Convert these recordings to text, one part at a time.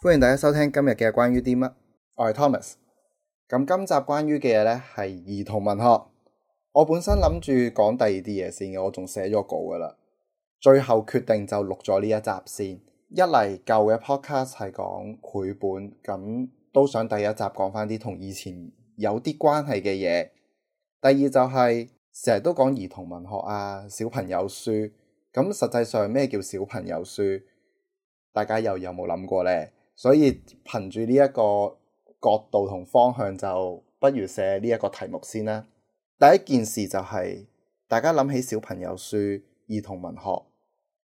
歡迎大家收聽今日嘅關於啲乜，我係 Thomas。咁今集關於嘅嘢呢，係兒童文學。我本身諗住講第二啲嘢先嘅，我仲寫咗稿㗎喇，最後決定就錄咗呢一集先。一嚟舊嘅 Podcast 係講繪本咁。都想第一集講返啲同以前有啲關係嘅嘢。第二就係成日都講兒童文學啊，小朋友書。咁實際上咩叫小朋友書？大家又有冇諗過呢？所以憑住呢一個角度同方向，就不如寫呢一個題目先啦。第一件事就係、是、大家諗起小朋友書、兒童文學，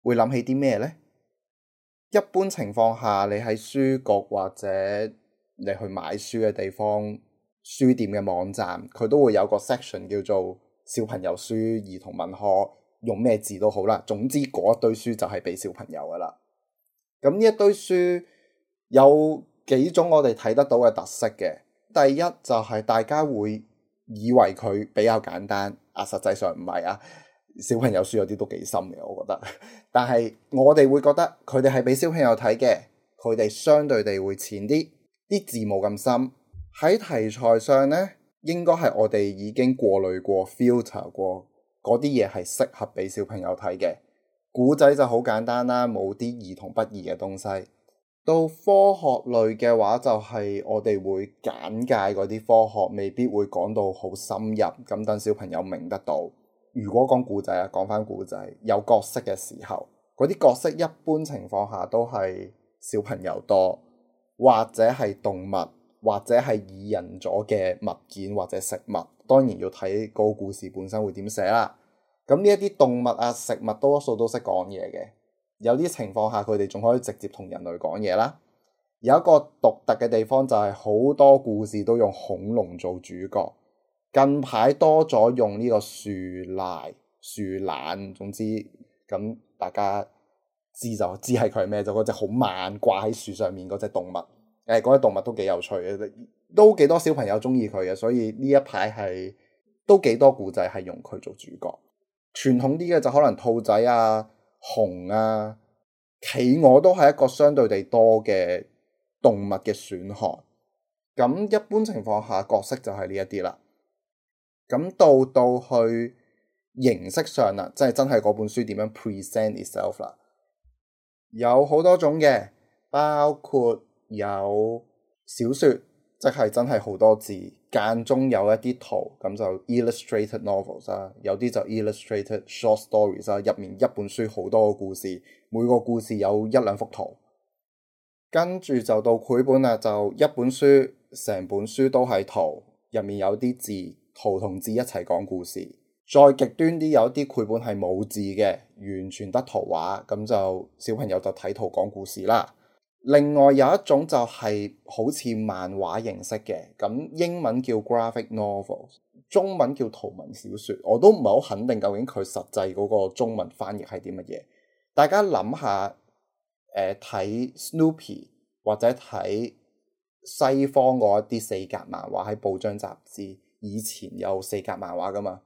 會諗起啲咩呢？一般情況下，你喺書局或者你去買書嘅地方，書店嘅網站佢都會有個 section 叫做小朋友書、兒童文學，用咩字都好啦。總之嗰一堆書就係俾小朋友㗎喇。咁呢一堆書有幾種我哋睇得到嘅特色嘅。第一就係大家會以為佢比較簡單，啊，實際上唔係啊。小朋友書有啲都幾深嘅，我覺得。但係我哋會覺得佢哋係俾小朋友睇嘅，佢哋相對地會淺啲。啲字冇咁深，喺題材上呢，應該係我哋已經過濾過 filter 過嗰啲嘢係適合俾小朋友睇嘅。古仔就好簡單啦，冇啲兒童不宜嘅東西。到科學類嘅話，就係我哋會簡介嗰啲科學，未必會講到好深入，咁等小朋友明得到。如果講古仔啊，講翻古仔有角色嘅時候，嗰啲角色一般情況下都係小朋友多。或者係動物，或者係擬人咗嘅物件，或者食物，當然要睇個故事本身會點寫啦。咁呢一啲動物啊，食物多數都識講嘢嘅，有啲情況下佢哋仲可以直接同人類講嘢啦。有一個獨特嘅地方就係好多故事都用恐龍做主角，近排多咗用呢個樹賴，樹懶，總之咁大家。知，知就知係佢係咩，就嗰隻好慢掛喺樹上面嗰隻動物。誒、哎，嗰隻動物都幾有趣嘅，都幾多小朋友中意佢嘅，所以呢一排係都幾多故仔係用佢做主角。傳統啲嘅就可能兔仔啊、熊啊、企鵝都係一個相對地多嘅動物嘅選項。咁一般情況下角色就係呢一啲啦。咁到到去形式上啦，即係真係嗰本書點樣 present itself 啦。有好多種嘅，包括有小說，即係真係好多字，間中有一啲圖，咁就 illustrated novels，有啲就 illustrated short stories，入面一本書好多個故事，每個故事有一兩幅圖，跟住就到繪本啦，就一本書，成本書都係圖，入面有啲字，圖同字一齊講故事。再極端啲，有啲繪本係冇字嘅，完全得圖畫，咁就小朋友就睇圖講故事啦。另外有一種就係好似漫畫形式嘅，咁英文叫 graphic novel，中文叫圖文小說。我都唔係好肯定究竟佢實際嗰個中文翻譯係啲乜嘢。大家諗下，呃、睇 Snoopy 或者睇西方嗰一啲四格漫畫喺報章雜誌，以前有四格漫畫噶嘛。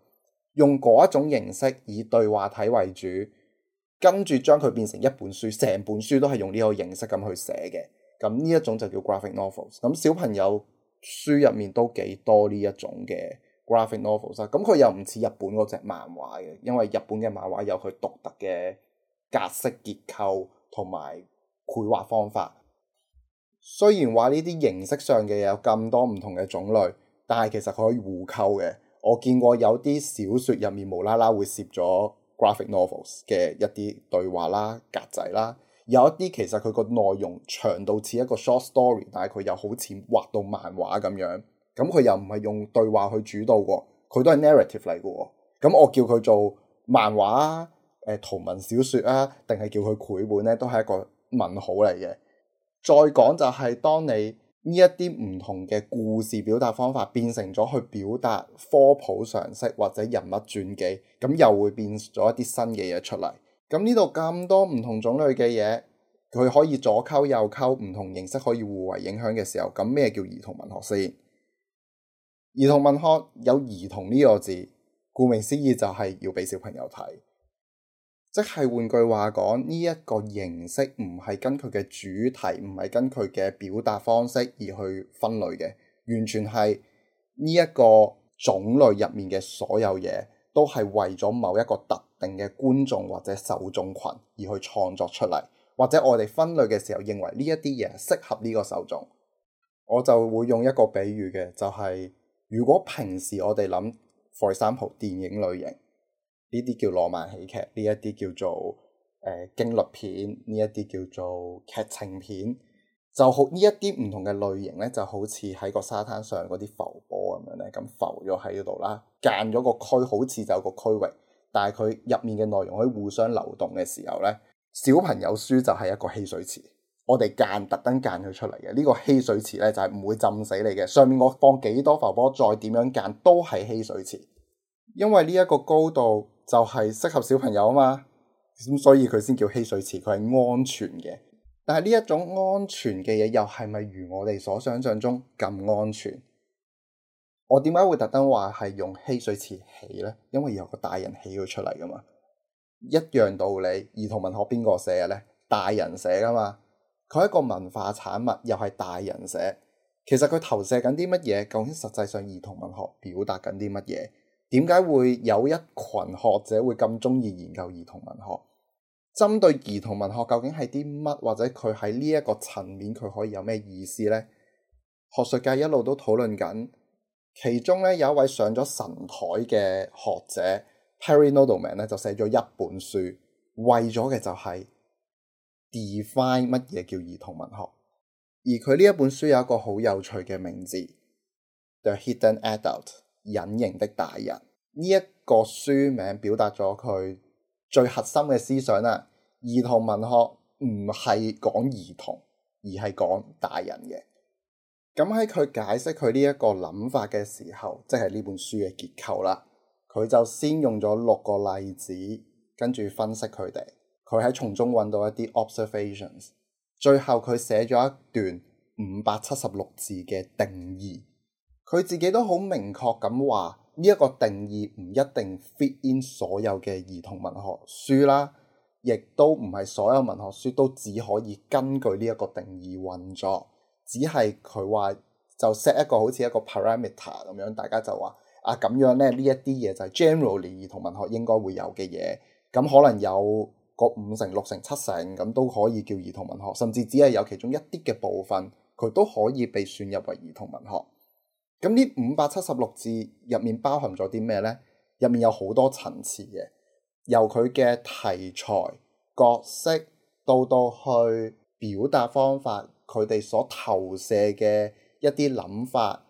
用嗰一種形式，以對話體為主，跟住將佢變成一本書，成本書都係用呢個形式咁去寫嘅。咁呢一種就叫 graphic novels。咁小朋友書入面都幾多呢一種嘅 graphic novels 啦。咁佢又唔似日本嗰隻漫畫嘅，因為日本嘅漫畫有佢獨特嘅格式結構同埋繪畫方法。雖然話呢啲形式上嘅有咁多唔同嘅種類，但係其實佢可以互溝嘅。我見過有啲小說入面無啦啦會攝咗 graphic novels 嘅一啲對話啦，格仔啦，有一啲其實佢個內容長到似一個 short story，但係佢又好似畫到漫畫咁樣，咁佢又唔係用對話去主導喎，佢都係 narrative 嚟嘅喎，咁我叫佢做漫畫啊，誒圖文小說啊，定係叫佢繪本咧，都係一個問號嚟嘅。再講就係當你。呢一啲唔同嘅故事表達方法，變成咗去表達科普常識或者人物傳記，咁又會變咗一啲新嘅嘢出嚟。咁呢度咁多唔同種類嘅嘢，佢可以左溝右溝，唔同形式可以互為影響嘅時候，咁咩叫兒童文學先？兒童文學有兒童呢個字，顧名思義就係要俾小朋友睇。即係換句話講，呢、這、一個形式唔係跟佢嘅主題，唔係跟佢嘅表達方式而去分類嘅，完全係呢一個種類入面嘅所有嘢，都係為咗某一個特定嘅觀眾或者受眾群而去創作出嚟。或者我哋分類嘅時候認為呢一啲嘢適合呢個受眾，我就會用一個比喻嘅，就係、是、如果平時我哋諗 For example，電影類型。呢啲叫浪漫喜劇，呢一啲叫做誒驚慄片，呢一啲叫做劇情片。就好呢一啲唔同嘅類型咧，就好似喺個沙灘上嗰啲浮波咁樣咧，咁浮咗喺度啦，間咗個區，好似就個區域，但係佢入面嘅內容可以互相流動嘅時候咧，小朋友書就係一個嬉水池，我哋間特登間佢出嚟嘅呢個嬉水池咧，就係、是、唔會浸死你嘅。上面我放幾多浮波，再點樣間都係嬉水池。因為呢一個高度就係適合小朋友啊嘛，咁所以佢先叫嬉水池，佢係安全嘅。但係呢一種安全嘅嘢，又係咪如我哋所想象中咁安全？我點解會特登話係用嬉水池起呢？因為有個大人起咗出嚟噶嘛，一樣道理。兒童文學邊個寫嘅呢？大人寫噶嘛？佢係一個文化產物，又係大人寫。其實佢投射緊啲乜嘢？究竟實際上兒童文學表達緊啲乜嘢？點解會有一群學者會咁中意研究兒童文學？針對兒童文學究竟係啲乜？或者佢喺呢一個層面佢可以有咩意思呢？學術界一路都討論緊，其中咧有一位上咗神台嘅學者 Perry Nodelman 咧就寫咗一本書，為咗嘅就係 define 乜嘢叫兒童文學。而佢呢一本書有一個好有趣嘅名字 The Hidden Adult。隱形的大人呢一個書名表達咗佢最核心嘅思想啦。兒童文學唔係講兒童，而係講大人嘅。咁喺佢解釋佢呢一個諗法嘅時候，即係呢本書嘅結構啦。佢就先用咗六個例子，跟住分析佢哋。佢喺從中揾到一啲 observations，最後佢寫咗一段五百七十六字嘅定義。佢自己都好明確咁話，呢一個定義唔一定 fit in 所有嘅兒童文學書啦，亦都唔係所有文學書都只可以根據呢一個定義運作。只係佢話就 set 一個好似一個 parameter 咁樣，大家就話啊，咁樣咧，呢一啲嘢就係 general 嚟兒童文學應該會有嘅嘢。咁可能有個五成、六成、七成咁都可以叫兒童文學，甚至只係有其中一啲嘅部分，佢都可以被選入為兒童文學。咁呢五百七十六字入面包含咗啲咩呢？入面有好多層次嘅，由佢嘅題材、角色到到去表達方法，佢哋所投射嘅一啲諗法，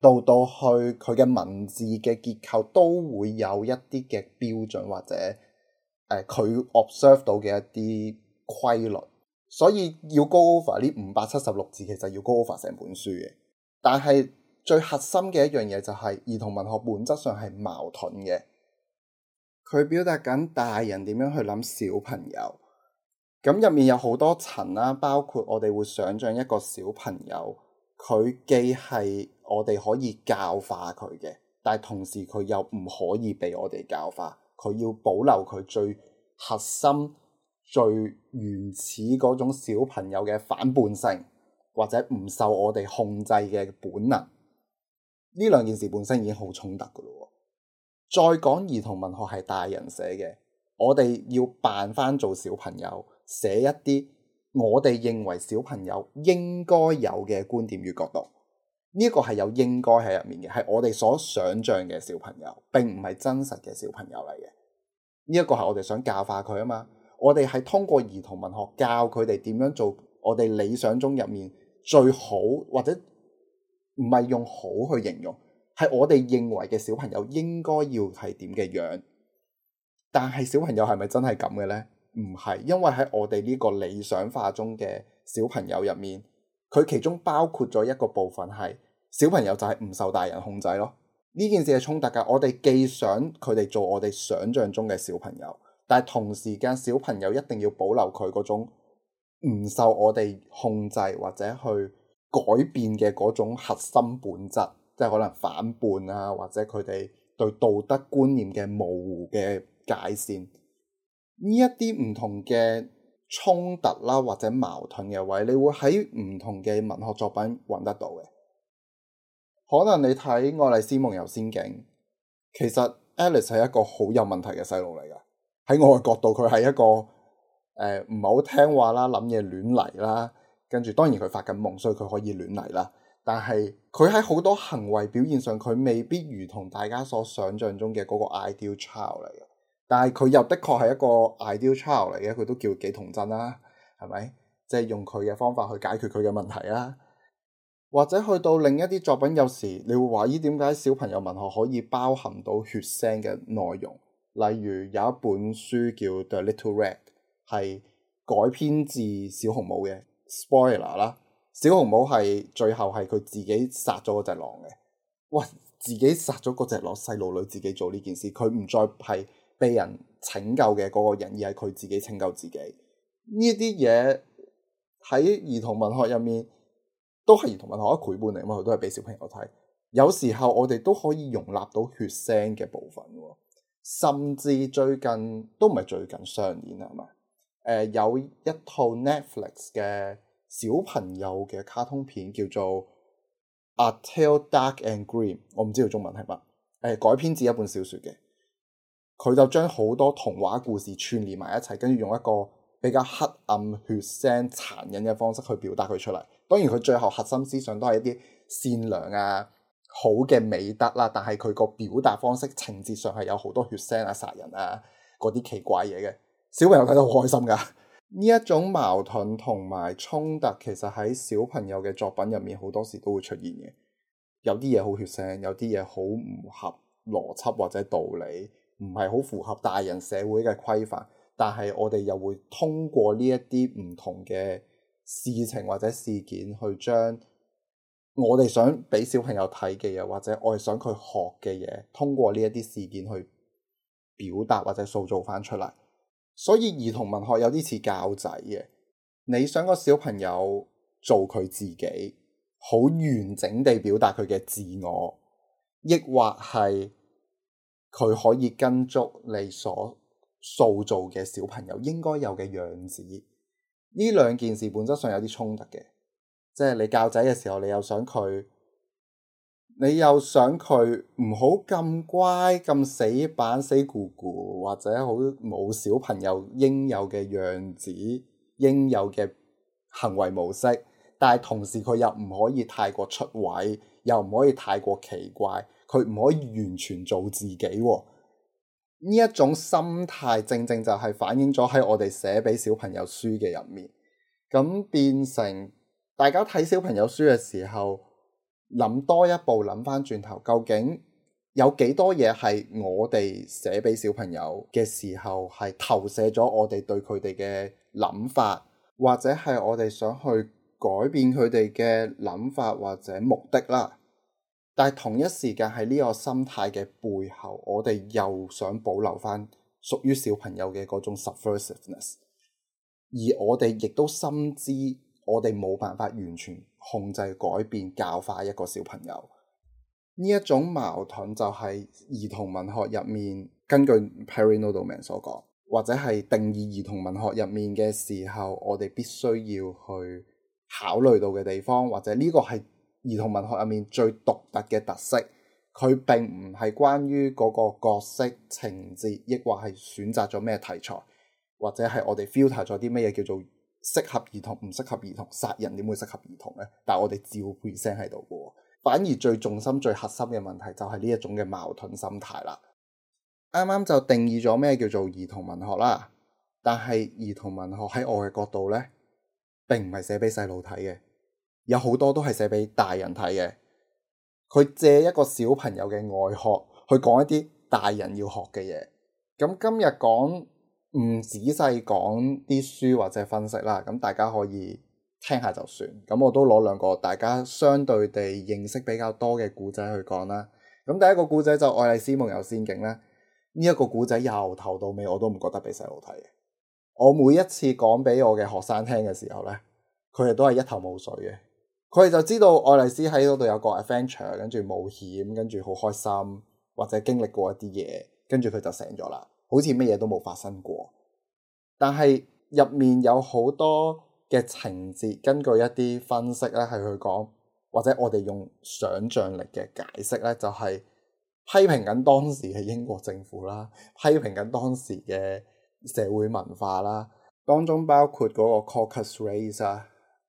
到到去佢嘅文字嘅結構都會有一啲嘅標準或者佢 observe 到嘅一啲規律，所以要 go over 呢五百七十六字其實要 go over 成本書嘅，但係。最核心嘅一樣嘢就係兒童文學，本質上係矛盾嘅。佢表達緊大人點樣去諗小朋友，咁入面有好多層啦、啊，包括我哋會想像一個小朋友，佢既係我哋可以教化佢嘅，但係同時佢又唔可以畀我哋教化，佢要保留佢最核心、最原始嗰種小朋友嘅反叛性，或者唔受我哋控制嘅本能。呢兩件事本身已經好衝突㗎喇，再講兒童文學係大人寫嘅，我哋要扮返做小朋友，寫一啲我哋認為小朋友應該有嘅觀點與角度，呢一個係有應該喺入面嘅，係我哋所想象嘅小朋友，並唔係真實嘅小朋友嚟嘅。呢一個係我哋想教化佢啊嘛，我哋係通過兒童文學教佢哋點樣做，我哋理想中入面最好或者。唔係用好去形容，係我哋認為嘅小朋友應該要係點嘅樣，但係小朋友係咪真係咁嘅呢？唔係，因為喺我哋呢個理想化中嘅小朋友入面，佢其中包括咗一個部分係小朋友就係唔受大人控制咯。呢件事係衝突㗎。我哋既想佢哋做我哋想象中嘅小朋友，但係同時間小朋友一定要保留佢嗰種唔受我哋控制或者去。改變嘅嗰種核心本質，即係可能反叛啊，或者佢哋對道德觀念嘅模糊嘅界線，呢一啲唔同嘅衝突啦、啊，或者矛盾嘅位，你會喺唔同嘅文學作品揾得到嘅。可能你睇《愛麗絲夢遊仙境》，其實 Alice 係一個好有問題嘅細路嚟㗎。喺我嘅角度，佢係一個誒唔係好聽話啦，諗嘢亂嚟啦。跟住當然佢發緊夢，所以佢可以亂嚟啦。但係佢喺好多行為表現上，佢未必如同大家所想像中嘅嗰個 ideal child 嚟嘅。但係佢又的確係一個 ideal child 嚟嘅，佢都叫幾童真啦、啊，係咪？即、就、係、是、用佢嘅方法去解決佢嘅問題啦、啊。或者去到另一啲作品，有時你會懷疑點解小朋友文學可以包含到血腥嘅內容？例如有一本書叫《The Little Red》，係改編自《小紅帽》嘅。spoiler 啦，Spoiler，小紅帽係最後係佢自己殺咗嗰隻狼嘅。哇！自己殺咗嗰隻狼，細路女自己做呢件事，佢唔再係被人拯救嘅嗰個人，而係佢自己拯救自己。呢啲嘢喺兒童文學入面都係兒童文學一繪本嚟嘛，佢都係俾小朋友睇。有時候我哋都可以容納到血腥嘅部分，甚至最近都唔係最近上演，上年係嘛？誒、呃，有一套 Netflix 嘅小朋友嘅卡通片，叫做《A Tale Dark and Grimm》，我唔知道中文係乜。誒、呃，改編自一本小說嘅，佢就將好多童話故事串聯埋一齊，跟住用一個比較黑暗、血腥、殘忍嘅方式去表達佢出嚟。當然，佢最後核心思想都係一啲善良啊、好嘅美德啦。但係佢個表達方式、情節上係有好多血腥啊、殺人啊嗰啲奇怪嘢嘅。小朋友睇到好開心噶，呢 一種矛盾同埋衝突，其實喺小朋友嘅作品入面好多時都會出現嘅。有啲嘢好血腥，有啲嘢好唔合邏輯或者道理，唔係好符合大人社會嘅規範。但係我哋又會通過呢一啲唔同嘅事情或者事件，去將我哋想俾小朋友睇嘅嘢，或者我哋想佢學嘅嘢，通過呢一啲事件去表達或者塑造翻出嚟。所以兒童文學有啲似教仔嘅，你想個小朋友做佢自己，好完整地表達佢嘅自我，抑或係佢可以跟足你所塑造嘅小朋友應該有嘅樣子？呢兩件事本質上有啲衝突嘅，即係你教仔嘅時候，你又想佢。你又想佢唔好咁乖咁死板死咕咕，或者好冇小朋友應有嘅樣子、應有嘅行為模式。但係同時，佢又唔可以太過出位，又唔可以太過奇怪，佢唔可以完全做自己喎。呢一種心態正正就係反映咗喺我哋寫俾小朋友書嘅入面，咁變成大家睇小朋友書嘅時候。諗多一步，諗翻轉頭，究竟有幾多嘢係我哋寫俾小朋友嘅時候，係投射咗我哋對佢哋嘅諗法，或者係我哋想去改變佢哋嘅諗法或者目的啦。但係同一時間喺呢個心態嘅背後，我哋又想保留翻屬於小朋友嘅嗰種 subversiveness 而我哋亦都深知我哋冇辦法完全。控制、改變、教化一個小朋友，呢一種矛盾就係兒童文學入面，根據 Perry Nodelman 所講，或者係定義兒童文學入面嘅時候，我哋必須要去考慮到嘅地方，或者呢個係兒童文學入面最獨特嘅特色。佢並唔係關於嗰個角色、情節，亦或係選擇咗咩題材，或者係我哋 filter 咗啲乜嘢叫做適合兒童，唔適合兒童，殺人點會適合兒童呢？但係我哋照 percent 喺度噶，反而最重心最核心嘅問題就係呢一種嘅矛盾心態啦。啱啱就定義咗咩叫做兒童文學啦，但係兒童文學喺我嘅角度呢，並唔係寫俾細路睇嘅，有好多都係寫俾大人睇嘅。佢借一個小朋友嘅外殼去講一啲大人要學嘅嘢。咁今日講。唔仔細講啲書或者分析啦，咁大家可以聽下就算。咁我都攞兩個大家相對地認識比較多嘅故仔去講啦。咁第一個故仔就《愛麗絲夢遊仙境》啦。呢一個故仔由頭到尾我都唔覺得俾細路睇嘅。我每一次講俾我嘅學生聽嘅時候咧，佢哋都係一頭霧水嘅。佢哋就知道愛麗絲喺嗰度有個 adventure，跟住冒險，跟住好開心，或者經歷過一啲嘢，跟住佢就醒咗啦。好似乜嘢都冇發生過，但係入面有好多嘅情節，根據一啲分析咧，係佢講，或者我哋用想像力嘅解釋咧，就係批評緊當時嘅英國政府啦，批評緊當時嘅社會文化啦，當中包括嗰個 Caucus Race 啊，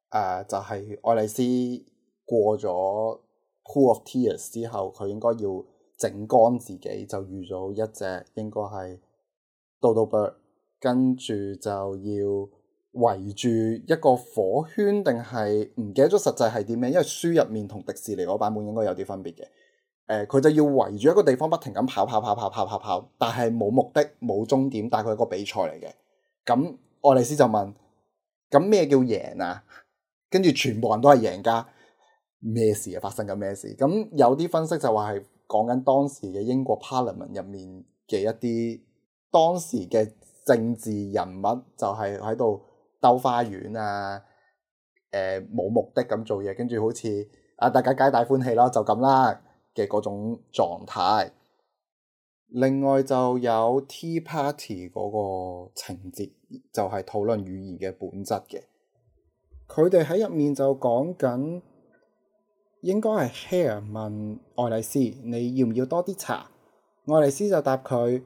誒就係愛麗絲過咗 Pool of Tears 之後，佢應該要整乾自己，就遇咗一隻應該係。到到跟住就要圍住一個火圈，定係唔記得咗實際係點咩？因為書入面同迪士尼嗰版本應該有啲分別嘅。佢、呃、就要圍住一個地方，不停咁跑跑跑跑跑跑跑，但係冇目的、冇終點，但係佢係個比賽嚟嘅。咁愛麗絲就問：咁咩叫贏啊？跟住全部人都係贏家，咩事啊？發生緊咩事？咁有啲分析就話係講緊當時嘅英國 Parliament 入面嘅一啲。當時嘅政治人物就係喺度兜花園啊！誒、呃，冇目的咁做嘢，跟住好似啊，大家皆大歡喜囉啦，就咁啦嘅嗰種狀態。另外就有 tea party 嗰個情節，就係、是、討論語言嘅本質嘅。佢哋喺入面就講緊應該係 Hare 問愛麗絲你要唔要多啲茶？愛麗絲就答佢。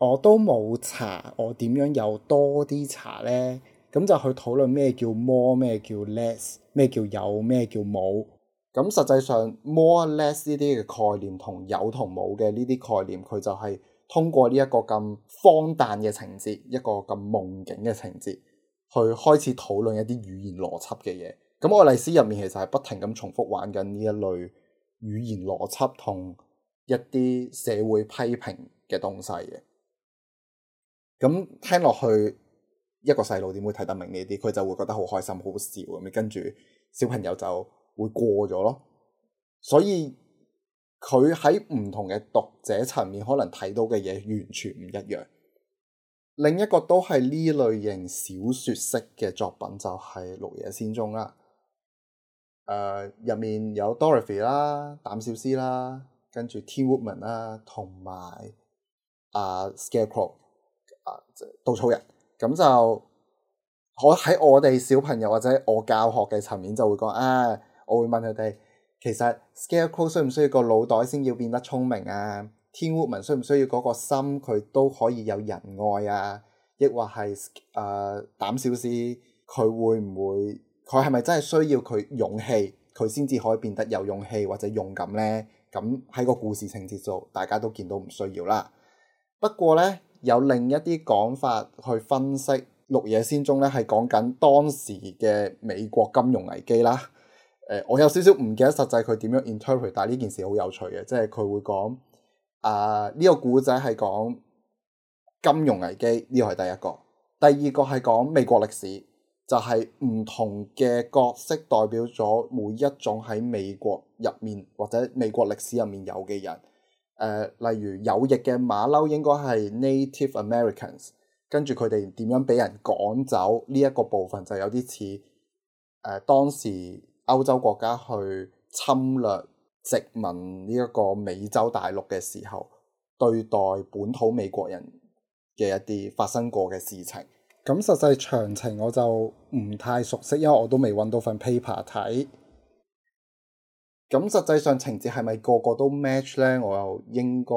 我都冇查，我點樣有多啲查呢？咁就去討論咩叫 more，咩叫 less，咩叫有，咩叫冇。咁實際上 more、less 呢啲嘅概念同有同冇嘅呢啲概念，佢就係通過呢一個咁荒誕嘅情節，一個咁夢境嘅情節，去開始討論一啲語言邏輯嘅嘢。咁愛麗絲入面其實係不停咁重複玩緊呢一類語言邏輯同一啲社會批評嘅東西嘅。咁聽落去，一個細路點會睇得明呢啲？佢就會覺得好開心、好笑咁，跟住小朋友就會過咗咯。所以佢喺唔同嘅讀者層面，可能睇到嘅嘢完全唔一樣。另一個都係呢類型小說式嘅作品，就係、是《綠野仙蹤》啦。誒、呃、入面有 Dorothy 啦、膽小獅啦，跟住 Tin Woodman 啦，同埋啊 Scarecrow。啊！稻草人咁，就我喺我哋小朋友或者我教學嘅層面就會講啊，我會問佢哋，其實《Scarecrow》需唔需要，需要個腦袋先要變得聰明啊？《Tin Man 需唔需要嗰個心佢都可以有人愛啊？抑或係誒、呃、膽小獅佢會唔會佢係咪真係需要佢勇氣佢先至可以變得有勇氣或者勇敢呢？咁喺個故事情節度，大家都見到唔需要啦。不過呢。」有另一啲講法去分析《綠野仙蹤》。咧，係講緊當時嘅美國金融危機啦。誒、呃，我有少少唔記得實際佢點樣 interpret，但係呢件事好有趣嘅，即係佢會講啊呢個故仔係講金融危機呢個係第一個，第二個係講美國歷史，就係、是、唔同嘅角色代表咗每一種喺美國入面或者美國歷史入面有嘅人。誒、呃，例如有翼嘅馬騮應該係 Native Americans，跟住佢哋點樣俾人趕走呢一個部分，就有啲似誒當時歐洲國家去侵略殖民呢一個美洲大陸嘅時候，對待本土美國人嘅一啲發生過嘅事情。咁實際詳情我就唔太熟悉，因為我都未揾到份 paper 睇。咁實際上情節係咪個個都 match 呢？我又應該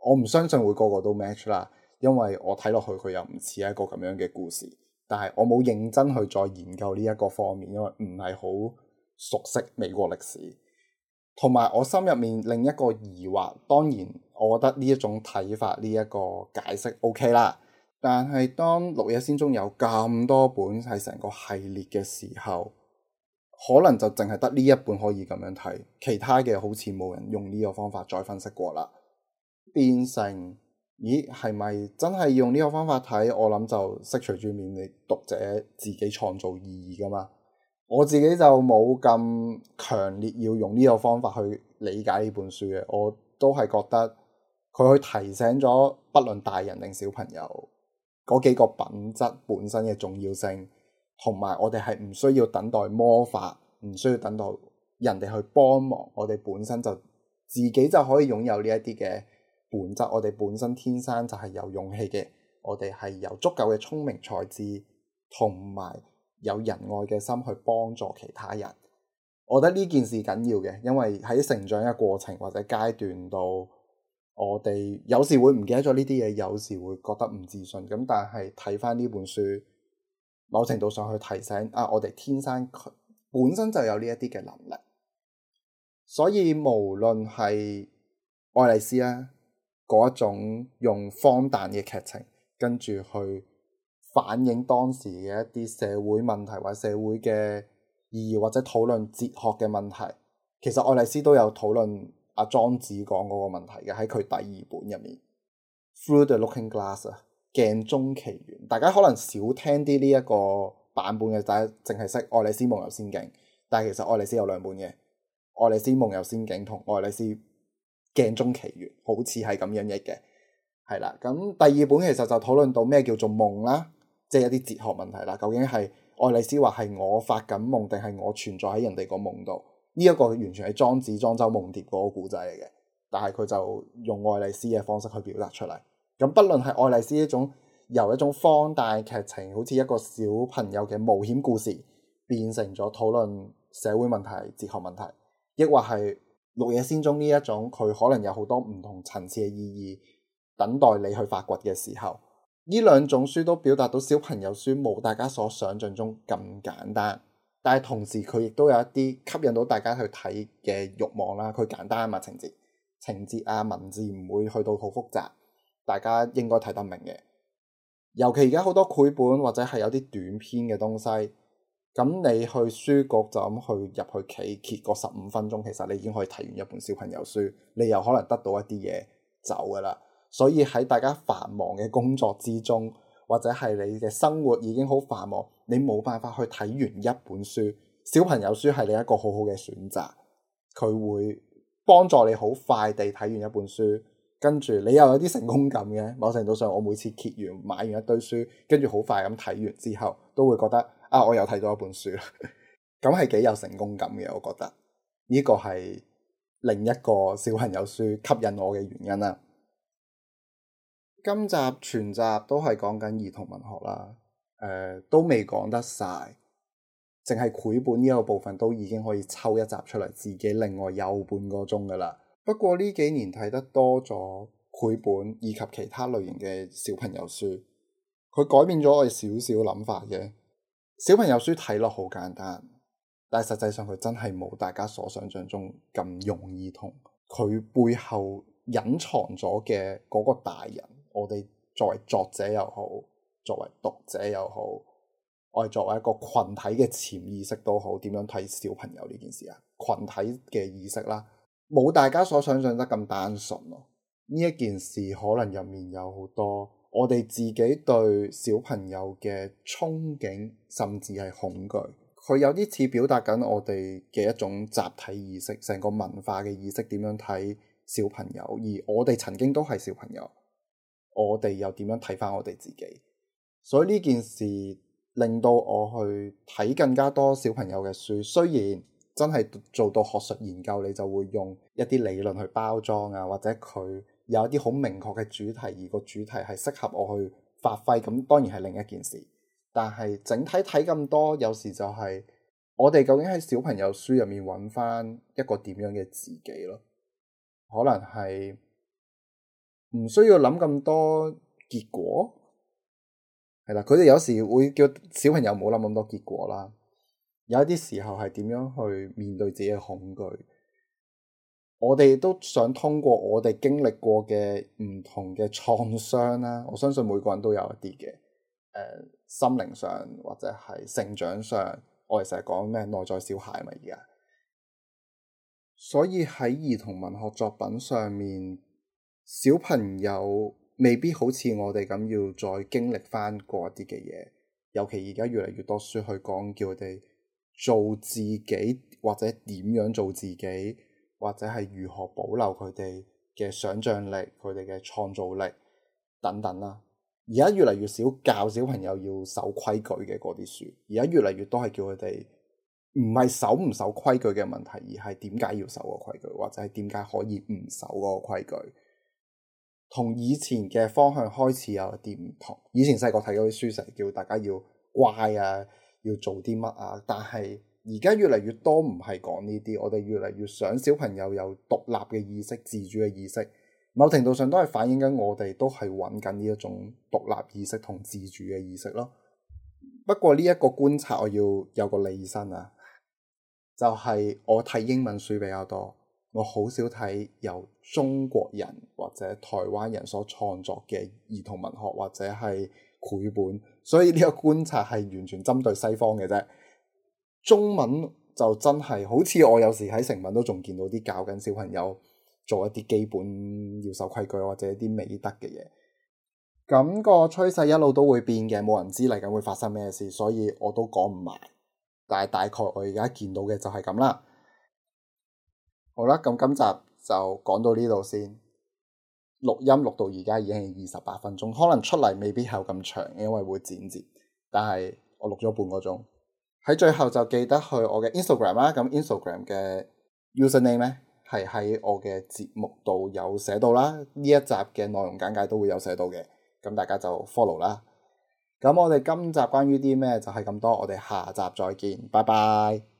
我唔相信會個個都 match 啦，因為我睇落去佢又唔似一個咁樣嘅故事。但係我冇認真去再研究呢一個方面，因為唔係好熟悉美國歷史。同埋我心入面另一個疑惑，當然我覺得呢一種睇法、呢、這、一個解釋 OK 啦。但係當六一先中有咁多本係成個系列嘅時候。可能就淨係得呢一本可以咁樣睇，其他嘅好似冇人用呢個方法再分析過啦。變成咦，係咪真係用呢個方法睇？我諗就識隨住面嚟讀者自己創造意義㗎嘛。我自己就冇咁強烈要用呢個方法去理解呢本書嘅，我都係覺得佢去提醒咗，不論大人定小朋友，嗰幾個品質本身嘅重要性。同埋我哋係唔需要等待魔法，唔需要等待人哋去幫忙，我哋本身就自己就可以擁有呢一啲嘅本質。我哋本身天生就係有勇氣嘅，我哋係有足夠嘅聰明才智，同埋有仁愛嘅心去幫助其他人。我覺得呢件事緊要嘅，因為喺成長嘅過程或者階段度，我哋有時會唔記得咗呢啲嘢，有時會覺得唔自信。咁但係睇翻呢本書，某程度上去提醒啊，我哋天生佢本身就有呢一啲嘅能力，所以無論係愛麗絲啊嗰一種用荒誕嘅劇情跟住去反映當時嘅一啲社會問題或者社會嘅意義或者討論哲學嘅問題，其實愛麗絲都有討論阿、啊、莊子講嗰個問題嘅喺佢第二本入面，Through the Looking Glass。鏡中奇緣，大家可能少聽啲呢一個版本嘅仔，大家淨係識愛麗絲夢遊仙境，但係其實愛麗絲有兩本嘅，愛麗絲夢遊仙境同愛麗絲鏡中奇緣好似係咁樣嘅，係啦。咁第二本其實就討論到咩叫做夢啦，即係一啲哲學問題啦。究竟係愛麗絲話係我發緊夢，定係我存在喺人哋個夢度？呢一個完全係莊子、莊周夢蝶嗰個古仔嚟嘅，但係佢就用愛麗絲嘅方式去表達出嚟。咁不論係愛麗絲呢種由一種荒誕劇情，好似一個小朋友嘅冒險故事，變成咗討論社會問題、哲學問題，亦或係綠野仙蹤呢一種，佢可能有好多唔同層次嘅意義等待你去發掘嘅時候，呢兩種書都表達到小朋友書冇大家所想象中咁簡單，但係同時佢亦都有一啲吸引到大家去睇嘅慾望啦。佢簡單啊嘛，情節情節啊文字唔會去到好複雜。大家應該睇得明嘅，尤其而家好多繪本或者係有啲短篇嘅東西，咁你去書局就咁去入去企，揭個十五分鐘，其實你已經可以睇完一本小朋友書，你又可能得到一啲嘢，走㗎喇。所以喺大家繁忙嘅工作之中，或者係你嘅生活已經好繁忙，你冇辦法去睇完一本書，小朋友書係你一個好好嘅選擇，佢會幫助你好快地睇完一本書。跟住你又有啲成功感嘅，某程度上我每次揭完買完一堆書，跟住好快咁睇完之後，都會覺得啊，我又睇咗一本書啦，咁係幾有成功感嘅，我覺得呢個係另一個小朋友書吸引我嘅原因啦。今集全集都係講緊兒童文學啦，誒、呃，都未講得晒，淨係繪本呢個部分都已經可以抽一集出嚟，自己另外有半個鐘噶啦。不過呢幾年睇得多咗繪本以及其他類型嘅小朋友書，佢改變咗我哋少少諗法嘅。小朋友書睇落好簡單，但係實際上佢真係冇大家所想象中咁容易同佢背後隱藏咗嘅嗰個大人，我哋作為作者又好，作為讀者又好，我哋作為一個群體嘅潛意識都好，點樣睇小朋友呢件事啊？群體嘅意識啦。冇大家所想像得咁單純咯。呢一件事可能入面有好多我哋自己對小朋友嘅憧憬，甚至係恐懼。佢有啲似表達緊我哋嘅一種集體意識，成個文化嘅意識點樣睇小朋友，而我哋曾經都係小朋友，我哋又點樣睇返我哋自己？所以呢件事令到我去睇更加多小朋友嘅書，雖然，真係做到學術研究，你就會用一啲理論去包裝啊，或者佢有一啲好明確嘅主題，而個主題係適合我去發揮，咁當然係另一件事。但係整體睇咁多，有時就係我哋究竟喺小朋友書入面揾翻一個點樣嘅自己咯？可能係唔需要諗咁多結果，係啦。佢哋有時會叫小朋友冇諗咁多結果啦。有一啲時候係點樣去面對自己嘅恐懼，我哋都想通過我哋經歷過嘅唔同嘅創傷啦。我相信每個人都有一啲嘅、呃，心靈上或者係成長上，我哋成日講咩內在小孩嘛而家。所以喺兒童文學作品上面，小朋友未必好似我哋咁要再經歷翻嗰一啲嘅嘢，尤其而家越嚟越多書去講叫佢哋，做自己或者點樣做自己，或者係如何保留佢哋嘅想象力、佢哋嘅創造力等等啦。而家越嚟越少教小朋友要守規矩嘅嗰啲書，而家越嚟越多係叫佢哋唔係守唔守規矩嘅問題，而係點解要守個規矩，或者係點解可以唔守嗰個規矩，同以前嘅方向開始有一啲唔同。以前細個睇嗰啲書成日叫大家要乖啊。要做啲乜啊？但係而家越嚟越多唔係講呢啲，我哋越嚟越想小朋友有獨立嘅意識，自主嘅意識，某程度上都係反映緊我哋都係揾緊呢一種獨立意識同自主嘅意識咯。不過呢一個觀察，我要有個利申啊，就係、是，我睇英文書比較多，我好少睇由中國人或者台灣人所創作嘅兒童文學或者係繪本。所以呢個觀察係完全針對西方嘅啫，中文就真係好似我有時喺成文都仲見到啲教緊小朋友做一啲基本要守規矩或者啲美德嘅嘢。咁個趨勢一路都會變嘅，冇人知嚟緊會發生咩事，所以我都講唔埋。但係大概我而家見到嘅就係咁啦。好啦，咁今集就講到呢度先。錄音錄到而家已經係二十八分鐘，可能出嚟未必有咁長，因為會剪接。但係我錄咗半個鐘，喺最後就記得去我嘅 Instagram 啦，啊。咁 Instagram 嘅 user name 呢，係喺我嘅節目度有寫到啦。呢一集嘅內容簡介都會有寫到嘅，咁大家就 follow 啦。咁我哋今集關於啲咩就係咁多，我哋下集再見，拜拜。